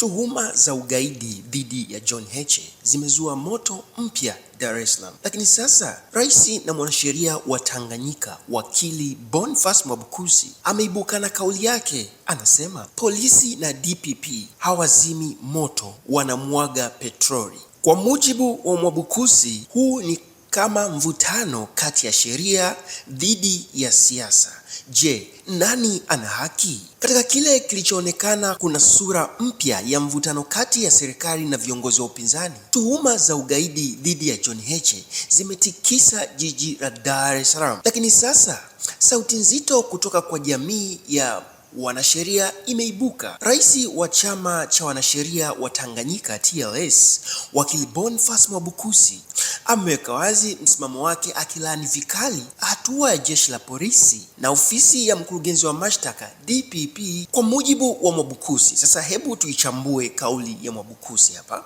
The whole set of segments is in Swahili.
Tuhuma za ugaidi dhidi ya John Heche zimezua moto mpya Dar es Salaam. Lakini sasa rais na mwanasheria wa Tanganyika wakili Boniface Mwabukusi ameibuka na kauli yake, anasema polisi na DPP hawazimi moto, wanamwaga petroli. Kwa mujibu wa Mwabukusi, huu ni kama mvutano kati ya sheria dhidi ya siasa. Je, nani ana haki? Katika kile kilichoonekana kuna sura mpya ya mvutano kati ya serikali na viongozi wa upinzani. Tuhuma za ugaidi dhidi ya John Heche zimetikisa jiji la Dar es Salaam, lakini sasa sauti nzito kutoka kwa jamii ya wanasheria imeibuka. Rais wa chama cha wanasheria wa Tanganyika TLS, wakili Boniface Mwabukusi ameweka wazi msimamo wake akilaani vikali hatua ya jeshi la polisi na ofisi ya mkurugenzi wa mashtaka DPP. Kwa mujibu wa Mwabukusi, sasa hebu tuichambue kauli ya Mwabukusi hapa.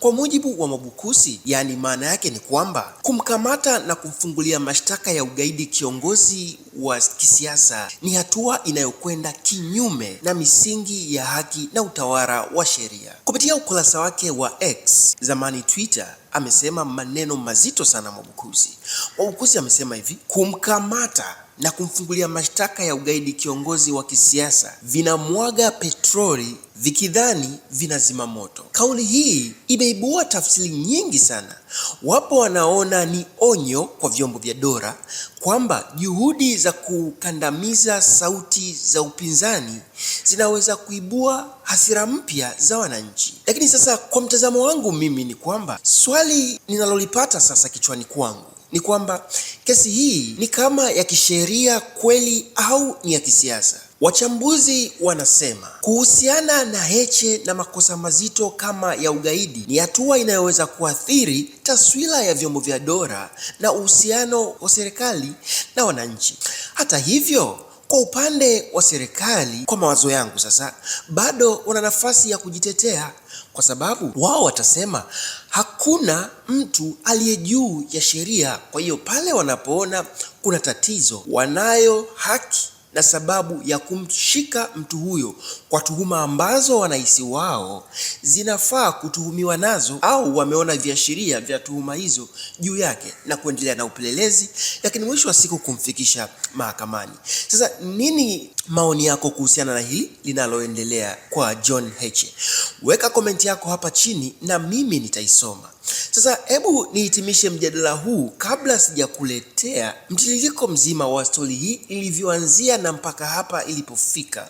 Kwa mujibu wa Mwabukusi, yaani maana yake ni kwamba kumkamata na kumfungulia mashtaka ya ugaidi kiongozi wa kisiasa ni hatua inayokwenda kinyume na misingi ya haki na utawala wa sheria. Kupitia ukurasa wake wa X, zamani Twitter, amesema maneno mazito sana Mwabukusi. Mwabukusi amesema hivi, kumkamata na kumfungulia mashtaka ya ugaidi kiongozi wa kisiasa vinamwaga petroli vikidhani vinazima moto. Kauli hii imeibua tafsiri nyingi sana. Wapo wanaona ni onyo kwa vyombo vya dola kwamba juhudi za kukandamiza sauti za upinzani zinaweza kuibua hasira mpya za wananchi. Lakini sasa, kwa mtazamo wangu mimi, ni kwamba swali ninalolipata sasa kichwani kwangu ni kwamba kesi hii ni kama ya kisheria kweli au ni ya kisiasa? Wachambuzi wanasema kuhusiana na Heche na makosa mazito kama ya ugaidi ni hatua inayoweza kuathiri taswira ya vyombo vya dola na uhusiano wa serikali na wananchi. Hata hivyo, kwa upande wa serikali, kwa mawazo yangu sasa, bado wana nafasi ya kujitetea kwa sababu wao watasema hakuna mtu aliye juu ya sheria. Kwa hiyo pale wanapoona kuna tatizo, wanayo haki na sababu ya kumshika mtu huyo kwa tuhuma ambazo wanahisi wao zinafaa kutuhumiwa nazo au wameona viashiria vya tuhuma hizo juu yake na kuendelea na upelelezi, lakini mwisho wa siku kumfikisha mahakamani. Sasa nini maoni yako kuhusiana na hili linaloendelea kwa John Heche. Weka komenti yako hapa chini na mimi nitaisoma. Sasa hebu nihitimishe mjadala huu kabla sijakuletea mtiririko mzima wa stori hii ilivyoanzia na mpaka hapa ilipofika.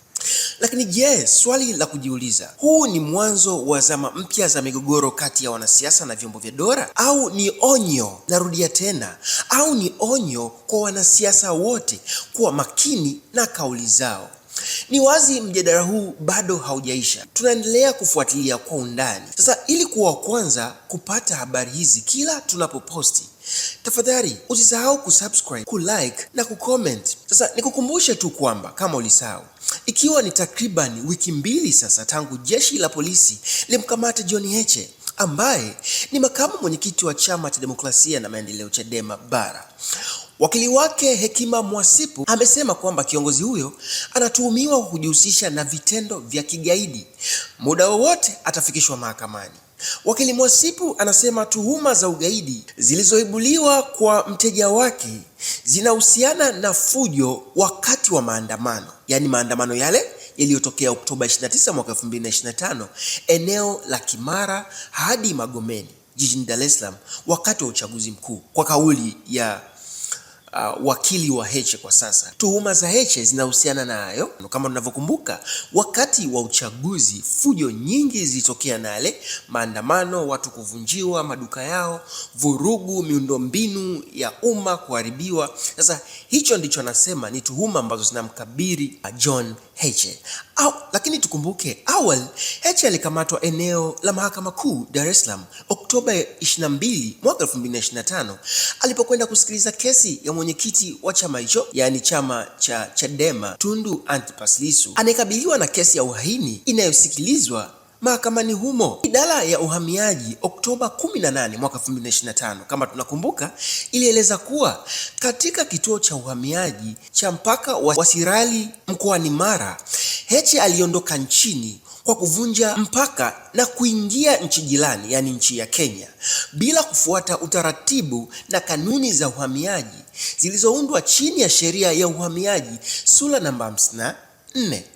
Lakini je, yes, swali la kujiuliza, huu ni mwanzo wa zama mpya za migogoro kati ya wanasiasa na vyombo vya dola au ni onyo? Narudia tena, au ni onyo kwa wanasiasa wote kuwa makini na kauli zao? Ni wazi mjadala huu bado haujaisha, tunaendelea kufuatilia kwa undani. Sasa, ili kuwa wa kwanza kupata habari hizi kila tunapoposti, tafadhali usisahau kusubscribe, kulike na kucomment. Sasa nikukumbushe tu kwamba kama ulisahau ikiwa ni takriban wiki mbili sasa tangu jeshi la polisi limkamata John Heche ambaye ni makamu mwenyekiti wa chama cha demokrasia na maendeleo Chadema bara. Wakili wake Hekima Mwasipu amesema kwamba kiongozi huyo anatuhumiwa kujihusisha na vitendo vya kigaidi. Muda wowote atafikishwa mahakamani. Wakili Mwasipu anasema tuhuma za ugaidi zilizoibuliwa kwa mteja wake zinahusiana na fujo wakati wa maandamano, yaani maandamano yale yaliyotokea Oktoba 29 mwaka 2025 eneo la Kimara hadi Magomeni jijini Dar es Salaam wakati wa uchaguzi mkuu kwa kauli ya uh, wakili wa Heche kwa sasa. Tuhuma za Heche zinahusiana nayo. Kama tunavyokumbuka, wakati wa uchaguzi fujo nyingi zilitokea Nale, maandamano, watu kuvunjiwa maduka yao, vurugu, miundombinu ya umma kuharibiwa. Sasa hicho ndicho anasema ni tuhuma ambazo zinamkabiri uh, John Heche. Au, lakini tukumbuke awali Heche alikamatwa eneo la Mahakama Kuu Dar es Salaam Oktoba 22 mwaka 2025 alipokwenda kusikiliza kesi ya mwenyekiti wa chama hicho, yaani chama cha Chadema Tundu Antipas Lissu anayekabiliwa na kesi ya uhaini inayosikilizwa mahakamani humo. Idara ya uhamiaji Oktoba 18 mwaka 2025, kama tunakumbuka, ilieleza kuwa katika kituo cha uhamiaji cha mpaka wa sirali mkoani Mara, Heche aliondoka nchini kwa kuvunja mpaka na kuingia nchi jirani, yaani nchi ya Kenya, bila kufuata utaratibu na kanuni za uhamiaji zilizoundwa chini ya sheria ya uhamiaji sura namba 54.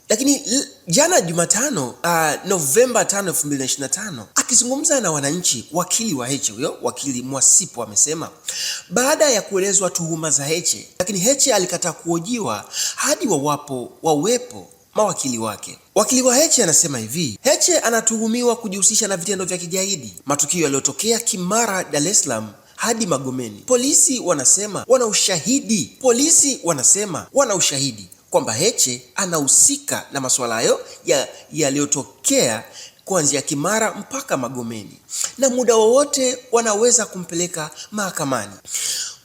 Lakini jana Jumatano, uh, Novemba 5, 2025, akizungumza na wananchi, wakili wa Heche huyo, wakili Mwasipo amesema baada ya kuelezwa tuhuma za Heche, lakini Heche alikataa kuojiwa hadi wawapo wawepo mawakili wake. Wakili wa Heche anasema hivi, Heche anatuhumiwa kujihusisha na vitendo vya kigaidi, matukio yaliyotokea Kimara, Dar es Salaam hadi Magomeni. Polisi wanasema wana ushahidi, polisi wanasema wana ushahidi kwamba Heche anahusika na masuala hayo yaliyotokea kuanzia Kimara mpaka Magomeni, na muda wowote wanaweza kumpeleka mahakamani.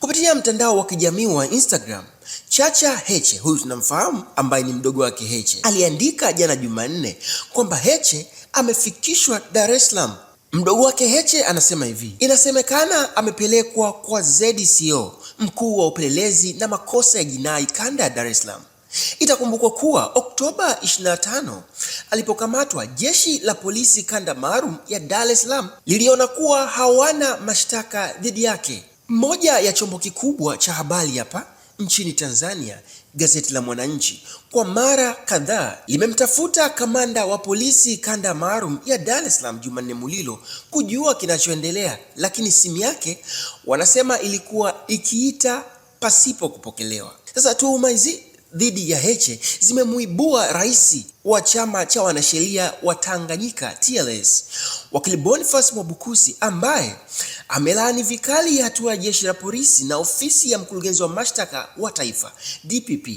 Kupitia mtandao wa kijamii wa Instagram, Chacha Heche, huyu tunamfahamu ambaye ni mdogo wake Heche, aliandika jana Jumanne kwamba Heche amefikishwa Dar es Salaam. Mdogo wake Heche anasema hivi, inasemekana amepelekwa kwa ZCO, mkuu wa upelelezi na makosa ya jinai kanda ya Dar es Salaam. Itakumbukwa kuwa Oktoba 25 alipokamatwa, jeshi la polisi kanda maalum ya Dar es Salaam liliona kuwa hawana mashtaka dhidi yake. Moja ya chombo kikubwa cha habari hapa nchini Tanzania, gazeti la Mwananchi kwa mara kadhaa limemtafuta kamanda wa polisi kanda maalum ya Dar es Salaam Jumanne Mulilo kujua kinachoendelea, lakini simu yake wanasema ilikuwa ikiita pasipo kupokelewa. Sasa tuhuma hizi dhidi ya Heche zimemuibua rais wa chama cha wanasheria wa Tanganyika TLS Wakili Boniface Mwabukusi ambaye amelaani vikali ya hatua ya jeshi la polisi na ofisi ya mkurugenzi wa mashtaka wa taifa DPP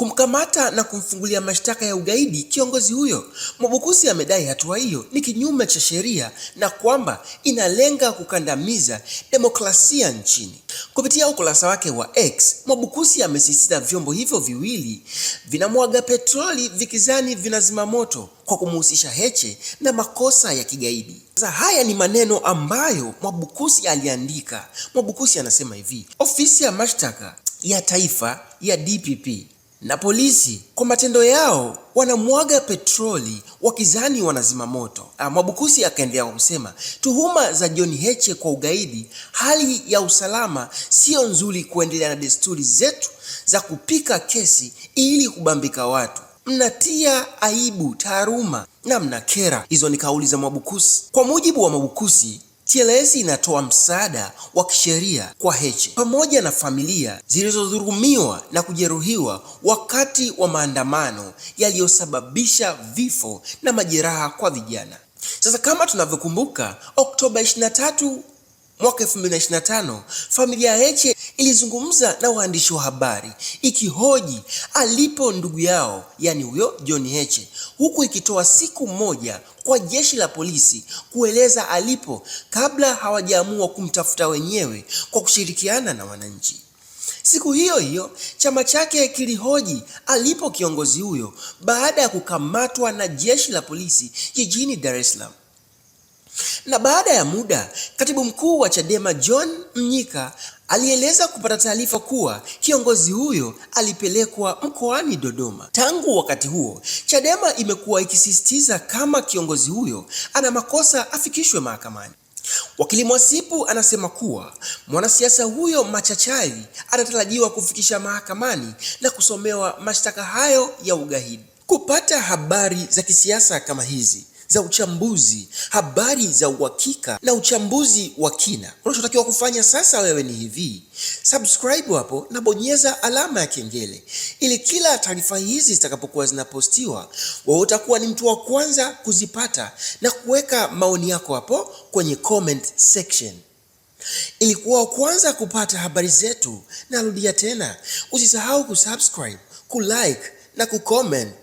kumkamata na kumfungulia mashtaka ya ugaidi kiongozi huyo. Mwabukusi amedai hatua hiyo ni kinyume cha sheria na kwamba inalenga kukandamiza demokrasia nchini. Kupitia ukurasa wake wa X, Mwabukusi amesisitiza vyombo hivyo viwili vinamwaga petroli vikizani vinazima moto kwa kumhusisha Heche na makosa ya kigaidi. Sasa haya ni maneno ambayo Mwabukusi aliandika. Mwabukusi anasema hivi: ofisi ya mashtaka ya taifa ya DPP na polisi kwa matendo yao wanamwaga petroli wakizani wanazima moto. Ah, Mwabukusi akaendelea kwa kusema tuhuma za John Heche kwa ugaidi, hali ya usalama siyo nzuri, kuendelea na desturi zetu za kupika kesi ili kubambika watu mnatia aibu, taaruma na mnakera. Hizo ni kauli za Mwabukusi. Kwa mujibu wa Mwabukusi, TLS inatoa msaada wa kisheria kwa Heche pamoja na familia zilizodhulumiwa na kujeruhiwa wakati wa maandamano yaliyosababisha vifo na majeraha kwa vijana. Sasa kama tunavyokumbuka, Oktoba 23 mwaka 2025 familia Heche ilizungumza na waandishi wa habari ikihoji alipo ndugu yao, yani huyo John Heche, huku ikitoa siku moja kwa jeshi la polisi kueleza alipo kabla hawajaamua kumtafuta wenyewe kwa kushirikiana na wananchi. Siku hiyo hiyo chama chake kilihoji alipo kiongozi huyo baada ya kukamatwa na jeshi la polisi jijini Dar es Salaam. Na baada ya muda, katibu mkuu wa Chadema John Mnyika alieleza kupata taarifa kuwa kiongozi huyo alipelekwa mkoani Dodoma. Tangu wakati huo, Chadema imekuwa ikisisitiza kama kiongozi huyo ana makosa afikishwe mahakamani. Wakili Mwasipu anasema kuwa mwanasiasa huyo machachari anatarajiwa kufikisha mahakamani na kusomewa mashtaka hayo ya ugaidi. Kupata habari za kisiasa kama hizi za uchambuzi, habari za uhakika na uchambuzi wa kina. Unachotakiwa kufanya sasa wewe ni hivi, subscribe hapo na bonyeza alama ya kengele, ili kila taarifa hizi zitakapokuwa zinapostiwa, wewe utakuwa ni mtu wa kwanza kuzipata na kuweka maoni yako hapo kwenye comment section ili kuwa wa kwanza kupata habari zetu. Narudia tena, usisahau kusubscribe, kulike na kucomment